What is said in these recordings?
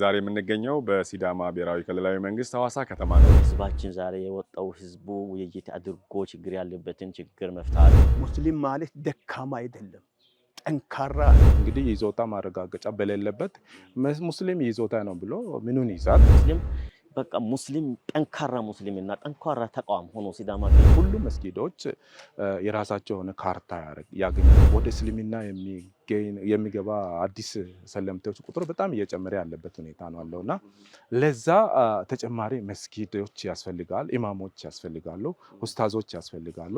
ዛሬ የምንገኘው በሲዳማ ብሔራዊ ክልላዊ መንግስት ሀዋሳ ከተማ ነው። ህዝባችን ዛሬ የወጣው ህዝቡ ውይይት አድርጎ ችግር ያለበትን ችግር መፍታት። ሙስሊም ማለት ደካማ አይደለም፣ ጠንካራ እንግዲህ ይዞታ ማረጋገጫ በሌለበት ሙስሊም ይዞታ ነው ብሎ ምኑን ይዛል? ሙስሊም በቃ ሙስሊም ጠንካራ ሙስሊም እና ጠንካራ ተቋም ሆኖ ሲዳማ ሁሉም መስጊዶች የራሳቸው የሆነ ካርታ ያገኛል። ወደ እስልምና የሚገባ አዲስ ሰለምቴዎች ቁጥር በጣም እየጨመረ ያለበት ሁኔታ ነው አለው እና ለዛ ተጨማሪ መስጊዶች ያስፈልጋል፣ ኢማሞች ያስፈልጋሉ፣ ኡስታዞች ያስፈልጋሉ።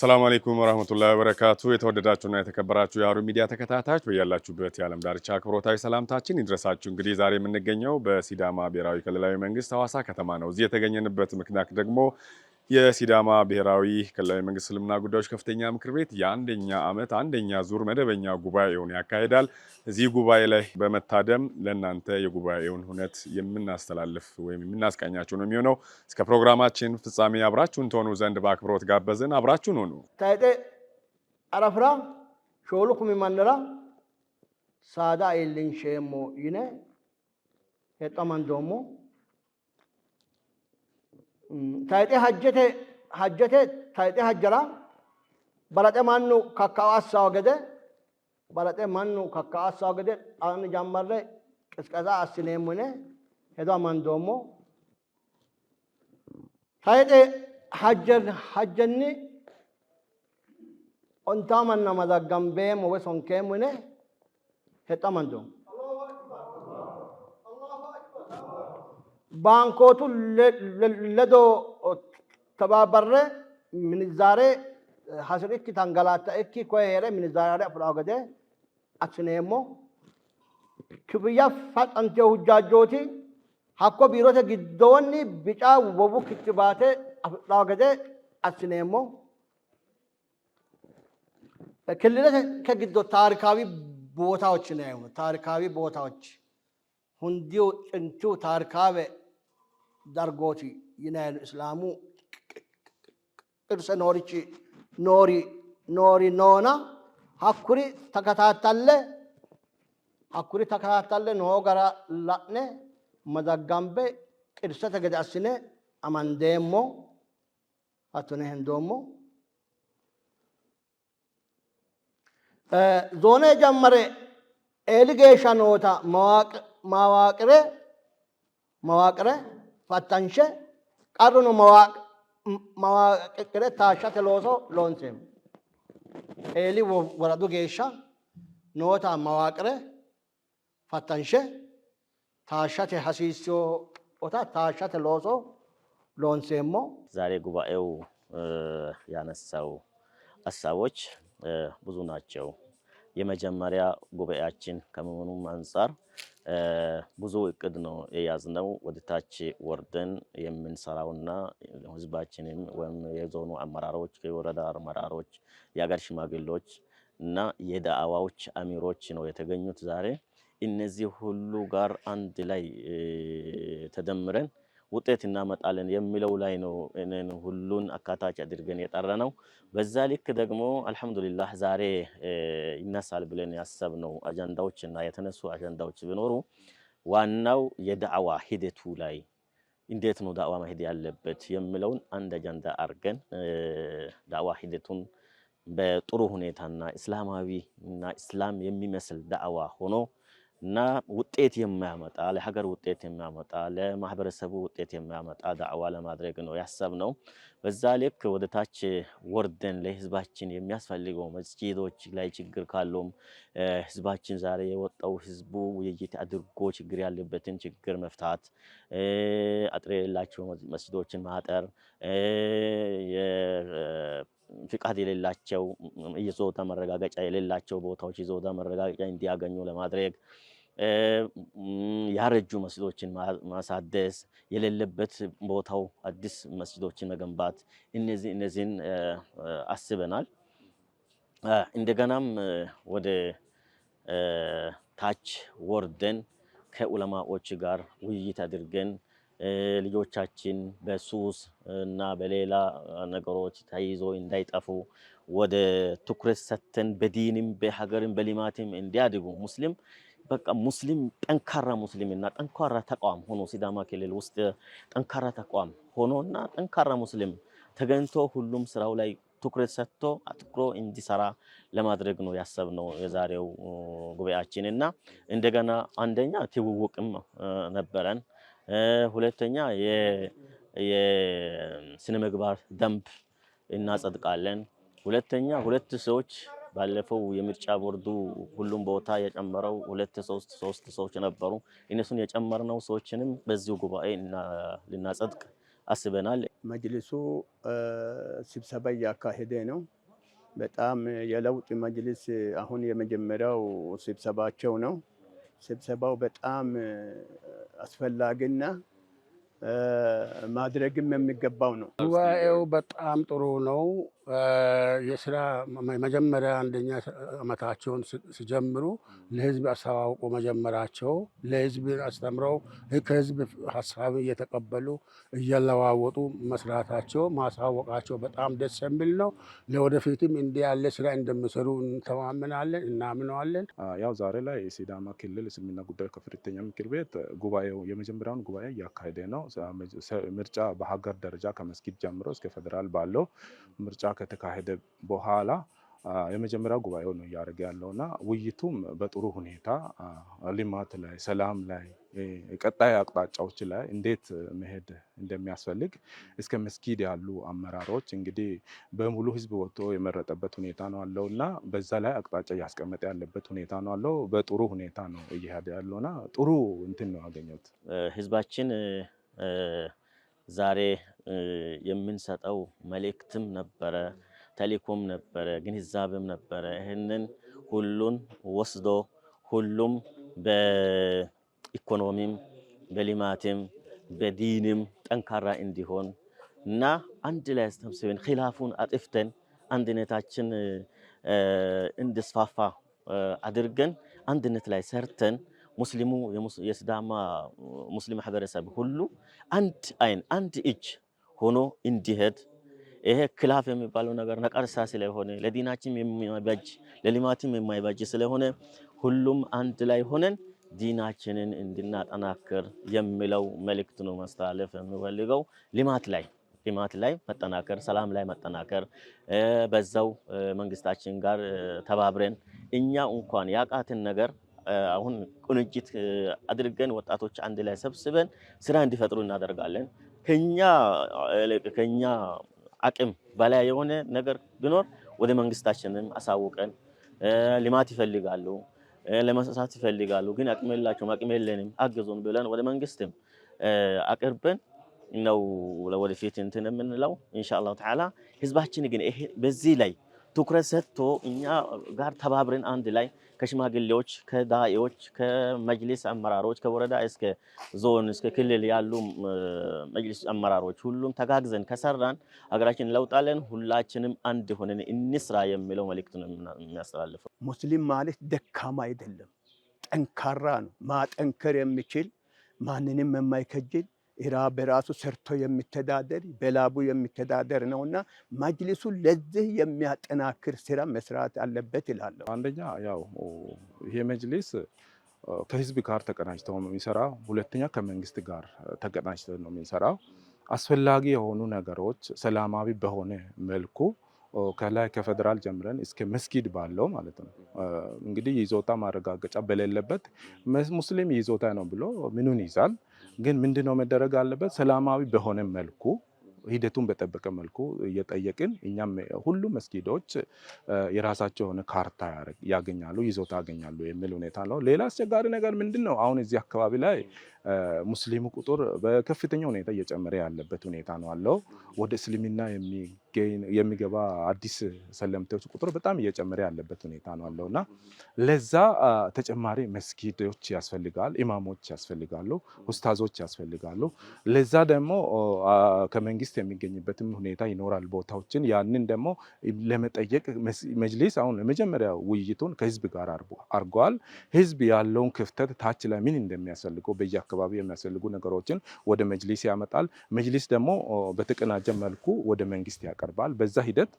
ሰላም አለይኩም ወራህመቱላሂ ወበረካቱ። የተወደዳችሁና የተከበራችሁ የሀሩን ሚዲያ ተከታታዮች በያላችሁበት የዓለም ዳርቻ አክብሮታዊ ሰላምታችን ይድረሳችሁ። እንግዲህ ዛሬ የምንገኘው በሲዳማ ብሔራዊ ክልላዊ መንግስት ሀዋሳ ከተማ ነው። እዚህ የተገኘንበት ምክንያት ደግሞ የሲዳማ ብሔራዊ ክልላዊ መንግስት እስልምና ጉዳዮች ከፍተኛ ምክር ቤት የአንደኛ ዓመት አንደኛ ዙር መደበኛ ጉባኤውን ያካሄዳል። እዚህ ጉባኤ ላይ በመታደም ለእናንተ የጉባኤውን ሁነት የምናስተላልፍ ወይም የምናስቃኛችሁ ነው የሚሆነው። እስከ ፕሮግራማችን ፍጻሜ አብራችሁን ትሆኑ ዘንድ በአክብሮት ጋበዝን። አብራችሁን ሆኑ። ታይጤ አረፍራ ሾሉኩም ማነራ ሳዳ የልኝ ይነ የጠመን ዶሞ Tayxee hajjete hajjete tayxee hajjala balaxee mannu kakkawaassawa gede balaxee mannu kakkawaassawa gede xaani jammarre qisqesa assineemmo yine hedo amandoommo tayxee hajjenni ontaa manna mazaggambeemmo woy sonkeemmo yine hexxo amandoommo ባንኮቱ ለዶ ተባበረ ምንዛሬ ሀስሪክ ታንገላታ እኪ ኮሄረ ምንዛሬ ፍራገደ አችኔሞ ክብያ ፈጠንቴ ሁጃጆቲ ሀኮ ቢሮተ ግዶኒ ቢጫ ወቡ ክትባቴ አፍራገደ አችኔሞ ክልለት ከግዶ ታሪካዊ ቦታዎች ነው። ታሪካዊ ቦታዎች ሁንዲው ጥንቱ ታሪካዊ dargooti yinaaylu islaamuu qirsa noorichi noori noori noona hakkuri takataattalle hakkuri takataattalle noo gara la'ne madagambe qirsate gede assine amandeemmo hattone hendoommo zoone jammare eeli geeshsha noota mawaaqire mawaaqire fattanshe qarruno mawaaqqire taashshate looso loonseemmo. Eeli woradu geeshsha noota mawaaqqire fattanshe taashshate hasiisseota taashshate looso loonseemmo። ዛሬ ጉባኤው ያነሳው ሀሳቦች ብዙ ናቸው። የመጀመሪያ ጉባኤያችን ከመሆኑም አንጻር ብዙ እቅድ ነው የያዝነው። ወደታች ወርደን የምንሰራውና ህዝባችንም ወይም የዞኑ አመራሮች፣ የወረዳ አመራሮች፣ የሀገር ሽማግሌዎች እና የዳዕዋዎች አሚሮች ነው የተገኙት ዛሬ። እነዚህ ሁሉ ጋር አንድ ላይ ተደምረን ውጤት እናመጣለን የሚለው ላይ ነው ሁሉን አካታች አድርገን የጠራ ነው። በዛ ልክ ደግሞ አልሐምዱሊላህ ዛሬ ይነሳል ብለን ያሰብነው አጀንዳዎች እና የተነሱ አጀንዳዎች ቢኖሩ ዋናው የዳዕዋ ሂደቱ ላይ እንዴት ነው ዳዕዋ መሄድ ያለበት የሚለውን አንድ አጀንዳ አድርገን ዳዕዋ ሂደቱን በጥሩ ሁኔታና እስላማዊ እና እስላም የሚመስል ዳዕዋ ሆኖ እና ውጤት የሚያመጣ ለሀገር ውጤት የሚያመጣ ለማህበረሰቡ ውጤት የሚያመጣ ዳዕዋ ለማድረግ ነው ያሰብነው። በዛ ልክ ወደ ታች ወርደን ለህዝባችን የሚያስፈልገው መስጂዶች ላይ ችግር ካለውም ህዝባችን ዛሬ የወጣው ህዝቡ ውይይት አድርጎ ችግር ያለበትን ችግር መፍታት፣ አጥር የሌላቸው መስጂዶችን ማጠር ፍቃድ የሌላቸው ይዞታ መረጋገጫ የሌላቸው ቦታዎች ይዞታ መረጋገጫ እንዲያገኙ ለማድረግ ያረጁ መስጊዶችን ማሳደስ፣ የሌለበት ቦታው አዲስ መስጊዶችን መገንባት፣ እነዚህ እነዚህን አስበናል። እንደገናም ወደ ታች ወርደን ከዑለማዎች ጋር ውይይት አድርገን ልጆቻችን በሱስ እና በሌላ ነገሮች ተይዞ እንዳይጠፉ ወደ ትኩረት ሰጥተን በዲንም በሀገርም በሊማትም እንዲያድጉ ሙስሊም በቃ ሙስሊም ጠንካራ ሙስሊም እና ጠንካራ ተቋም ሆኖ ሲዳማ ክልል ውስጥ ጠንካራ ተቋም ሆኖ እና ጠንካራ ሙስሊም ተገኝቶ ሁሉም ስራው ላይ ትኩረት ሰጥቶ አትኩሮ እንዲሰራ ለማድረግ ነው ያሰብነው የዛሬው ጉባኤያችን። እና እንደገና አንደኛ ትውውቅም ነበረን፣ ሁለተኛ የስነ ምግባር ደንብ እናጸድቃለን፣ ሁለተኛ ሁለት ሰዎች ባለፈው የምርጫ ቦርዱ ሁሉም ቦታ የጨመረው ሁለት ሶስት ሶስት ሰዎች ነበሩ። እነሱን የጨመርነው ሰዎችንም በዚሁ ጉባኤ ልናጸድቅ አስበናል። መጅልሱ ስብሰባ እያካሄደ ነው። በጣም የለውጥ መጅልስ አሁን የመጀመሪያው ስብሰባቸው ነው። ስብሰባው በጣም አስፈላጊና ማድረግም የሚገባው ነው። ጉባኤው በጣም ጥሩ ነው። የስራ መጀመሪያ አንደኛ አመታቸውን ሲጀምሩ ለህዝብ አስተዋውቆ መጀመራቸው ለህዝብ አስተምረው ከህዝብ ሀሳብ እየተቀበሉ እየለዋወጡ መስራታቸው ማሳወቃቸው በጣም ደስ የሚል ነው። ለወደፊትም እንዲህ ያለ ስራ እንደሚሰሩ እንተማምናለን፣ እናምነዋለን። ያው ዛሬ ላይ የሲዳማ ክልል እስልምና ጉዳዮች ከፍተኛ ምክር ቤት ጉባኤው የመጀመሪያውን ጉባኤ እያካሄደ ነው። ምርጫ በሀገር ደረጃ ከመስጊድ ጀምሮ እስከ ፌዴራል ባለው ምርጫ ከተካሄደ በኋላ የመጀመሪያ ጉባኤው ነው እያደረገ ያለው እና ውይይቱም በጥሩ ሁኔታ ልማት ላይ፣ ሰላም ላይ፣ ቀጣይ አቅጣጫዎች ላይ እንዴት መሄድ እንደሚያስፈልግ እስከ መስጊድ ያሉ አመራሮች እንግዲህ በሙሉ ህዝብ ወጥቶ የመረጠበት ሁኔታ ነው አለው እና በዛ ላይ አቅጣጫ እያስቀመጠ ያለበት ሁኔታ ነው አለው። በጥሩ ሁኔታ ነው እየሄደ ያለውና ጥሩ እንትን ነው ያገኘሁት ህዝባችን ዛሬ የምንሰጠው መልእክትም ነበረ፣ ተልእኮም ነበረ፣ ግንዛቤም ነበረ። ይህንን ሁሉን ወስዶ ሁሉም በኢኮኖሚም በልማትም በዲንም ጠንካራ እንዲሆን እና አንድ ላይ ተሰብስበን ኪላፉን አጥፍተን አንድነታችን እንድስፋፋ አድርገን አንድነት ላይ ሰርተን ሙስሊሙ የስዳማ ሙስሊም ማህበረሰብ ሁሉ አንድ አይን አንድ እጅ ሆኖ እንዲሄድ ይሄ ክላፍ የሚባለው ነገር ነቀርሳ ስለሆነ ለዲናችን የማይበጅ ለልማትም የማይበጅ ስለሆነ ሁሉም አንድ ላይ ሆነን ዲናችንን እንድናጠናክር የሚለው መልእክት ነው ማስተላለፍ የሚፈልገው። ልማት ላይ ልማት ላይ መጠናከር፣ ሰላም ላይ መጠናከር፣ በዛው መንግስታችን ጋር ተባብረን እኛ እንኳን ያቃትን ነገር አሁን ቁንጅት አድርገን ወጣቶች አንድ ላይ ሰብስበን ስራ እንዲፈጥሩ እናደርጋለን። ከኛ አቅም በላይ የሆነ ነገር ቢኖር ወደ መንግስታችንም አሳውቀን ልማት ይፈልጋሉ፣ ለመሳሳት ይፈልጋሉ፣ ግን አቅም የላቸውም፣ አቅም የለንም፣ አግዙን ብለን ወደ መንግስትም አቅርበን ነው ለወደፊት እንትን የምንለው ኢንሻአላሁ ተዓላ። ህዝባችን ግን በዚህ ላይ ትኩረት ሰጥቶ እኛ ጋር ተባብረን አንድ ላይ ከሽማግሌዎች፣ ከዳኢዎች፣ ከመጅሊስ አመራሮች ከወረዳ እስከ ዞን እስከ ክልል ያሉ መጅሊስ አመራሮች ሁሉም ተጋግዘን ከሰራን ሀገራችን እንለውጣለን። ሁላችንም አንድ ሆነን እንስራ የሚለው መልእክት ነው የሚያስተላልፈው። ሙስሊም ማለት ደካማ አይደለም፣ ጠንካራ ነው። ማጠንከር የሚችል ማንንም የማይከጅል ኢራ በራሱ ሰርቶ የሚተዳደር በላቡ የሚተዳደር እና መጅሊሱ ለዚህ የሚያጠናክር ስራ መስራት አለበት ይላለሁ። አንደኛ ያው ይሄ መጅሊስ ከህዝብ ጋር ተቀናጅተው ነው የሚሰራ። ሁለተኛ ከመንግስት ጋር ተቀናጅተ ነው የሚሰራው። አስፈላጊ የሆኑ ነገሮች ሰላማዊ በሆነ መልኩ ከላይ ከፌደራል ጀምረን እስከ መስጊድ ባለው ማለት ነው። እንግዲህ ይዞታ ማረጋገጫ በሌለበት ሙስሊም ይዞታ ነው ብሎ ምኑን ይዛል? ግን ምንድነው መደረግ አለበት? ሰላማዊ በሆነ መልኩ ሂደቱን በጠበቀ መልኩ እየጠየቅን እኛም ሁሉም መስጊዶች የራሳቸው የሆነ ካርታ ያገኛሉ፣ ይዞታ ያገኛሉ የሚል ሁኔታ ነው። ሌላ አስቸጋሪ ነገር ምንድን ነው? አሁን እዚህ አካባቢ ላይ ሙስሊሙ ቁጥር በከፍተኛ ሁኔታ እየጨመረ ያለበት ሁኔታ ነው አለው። ወደ እስልምና የሚገባ አዲስ ሰለምቴዎች ቁጥር በጣም እየጨመረ ያለበት ሁኔታ ነው አለው እና ለዛ ተጨማሪ መስጊዶች ያስፈልጋል፣ ኢማሞች ያስፈልጋሉ፣ ኡስታዞች ያስፈልጋሉ። ለዛ ደግሞ ከመንግስት መንግስት የሚገኝበትም ሁኔታ ይኖራል ቦታዎችን ያንን ደግሞ ለመጠየቅ መጅሊስ አሁን ለመጀመሪያ ውይይቱን ከህዝብ ጋር አርጓል። ህዝብ ያለውን ክፍተት ታች ለምን እንደሚያስፈልገው በየአካባቢው የሚያስፈልጉ ነገሮችን ወደ መጅሊስ ያመጣል። መጅሊስ ደግሞ በተቀናጀ መልኩ ወደ መንግስት ያቀርባል። በዛ ሂደት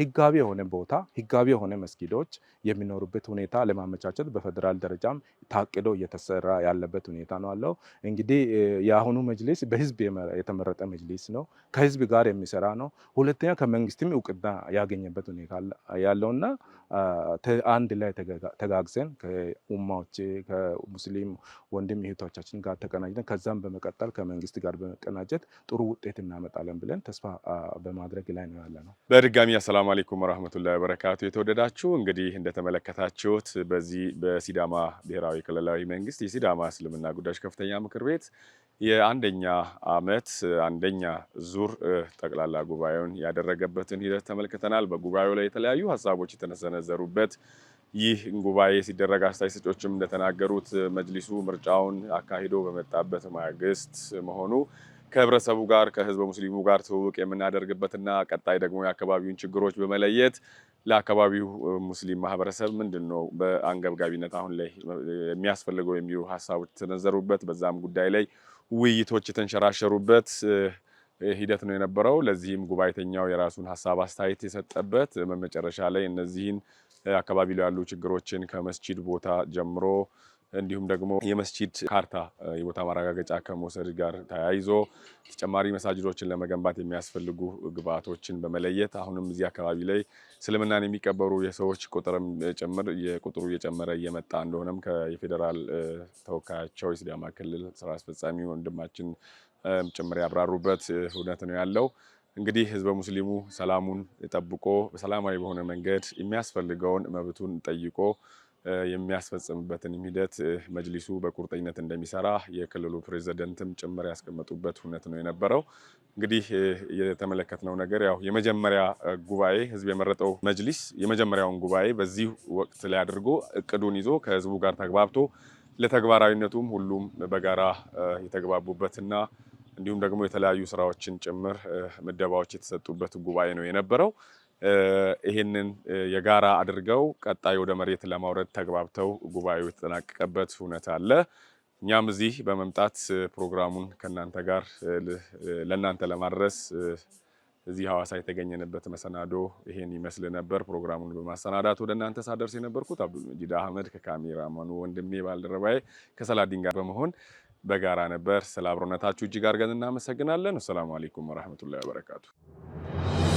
ህጋቢ የሆነ ቦታ ህጋቢ የሆነ መስጊዶች የሚኖሩበት ሁኔታ ለማመቻቸት በፌዴራል ደረጃም ታቅዶ እየተሰራ ያለበት ሁኔታ ነው አለው። እንግዲህ የአሁኑ መጅሊስ በህዝብ የተመረጠ መጅሊስ ነው። ከህዝብ ጋር የሚሰራ ነው። ሁለተኛ ከመንግስትም እውቅና ያገኘበት ሁኔታ ያለውና አንድ ላይ ተጋግዘን ከኡማዎች ከሙስሊም ወንድም እህቶቻችን ጋር ተቀናጅተን ከዛም በመቀጠል ከመንግስት ጋር በመቀናጀት ጥሩ ውጤት እናመጣለን ብለን ተስፋ በማድረግ ላይ ነው ያለ ነው። በድጋሚ አሰላሙ አሌይኩም ወረህመቱላሂ ወበረካቱ። የተወደዳችሁ እንግዲህ እንደተመለከታችሁት በዚህ በሲዳማ ብሔራዊ ክልላዊ መንግስት የሲዳማ እስልምና ጉዳዮች ከፍተኛ ምክር ቤት የአንደኛ ዓመት አንደኛ ዙር ጠቅላላ ጉባኤውን ያደረገበትን ሂደት ተመልክተናል። በጉባኤው ላይ የተለያዩ ሀሳቦች የተሰነዘሩበት ይህ ጉባኤ ሲደረግ አስተያየት ሰጪዎችም እንደተናገሩት መጅሊሱ ምርጫውን አካሂዶ በመጣበት ማግስት መሆኑ ከህብረተሰቡ ጋር ከህዝበ ሙስሊሙ ጋር ትውውቅ የምናደርግበትና ቀጣይ ደግሞ የአካባቢውን ችግሮች በመለየት ለአካባቢው ሙስሊም ማህበረሰብ ምንድን ነው በአንገብጋቢነት አሁን ላይ የሚያስፈልገው የሚሉ ሀሳቦች የተሰነዘሩበት በዛም ጉዳይ ላይ ውይይቶች የተንሸራሸሩበት ሂደት ነው የነበረው። ለዚህም ጉባኤተኛው የራሱን ሀሳብ አስተያየት የሰጠበት በመጨረሻ ላይ እነዚህን አካባቢ ላይ ያሉ ችግሮችን ከመስጂድ ቦታ ጀምሮ እንዲሁም ደግሞ የመስጂድ ካርታ የቦታ ማረጋገጫ ከመውሰድ ጋር ተያይዞ ተጨማሪ መሳጅዶችን ለመገንባት የሚያስፈልጉ ግብአቶችን በመለየት አሁንም እዚህ አካባቢ ላይ እስልምናን የሚቀበሩ የሰዎች ቁጥርም ጭምር የቁጥሩ እየጨመረ እየመጣ እንደሆነም የፌዴራል ተወካያቸው የሲዳማ ክልል ስራ አስፈጻሚ ወንድማችን ጭምር ያብራሩበት እውነት ነው ያለው። እንግዲህ ህዝበ ሙስሊሙ ሰላሙን ጠብቆ በሰላማዊ በሆነ መንገድ የሚያስፈልገውን መብቱን ጠይቆ የሚያስፈጽምበትን ሂደት መጅሊሱ በቁርጠኝነት እንደሚሰራ የክልሉ ፕሬዚደንትም ጭምር ያስቀመጡበት እውነት ነው የነበረው። እንግዲህ የተመለከትነው ነገር ያው የመጀመሪያ ጉባኤ ህዝብ የመረጠው መጅሊስ የመጀመሪያውን ጉባኤ በዚህ ወቅት ላይ አድርጎ እቅዱን ይዞ ከህዝቡ ጋር ተግባብቶ ለተግባራዊነቱም ሁሉም በጋራ የተግባቡበትና እንዲሁም ደግሞ የተለያዩ ስራዎችን ጭምር ምደባዎች የተሰጡበት ጉባኤ ነው የነበረው። ይህንን የጋራ አድርገው ቀጣይ ወደ መሬት ለማውረድ ተግባብተው ጉባኤው የተጠናቀቀበት እውነት አለ። እኛም እዚህ በመምጣት ፕሮግራሙን ከእናንተ ጋር ለእናንተ ለማድረስ እዚህ ሐዋሳ የተገኘንበት መሰናዶ ይሄን ይመስል ነበር። ፕሮግራሙን በማሰናዳት ወደ እናንተ ሳደርስ የነበርኩት አብዱል አህመድ ከካሜራማኑ ወንድሜ ባልደረባዬ ከሰላዲን ጋር በመሆን በጋራ ነበር። ስለ አብሮነታችሁ እጅግ አድርገን እናመሰግናለን። አሰላሙ አለይኩም ወረህመቱላሂ ወበረካቱ።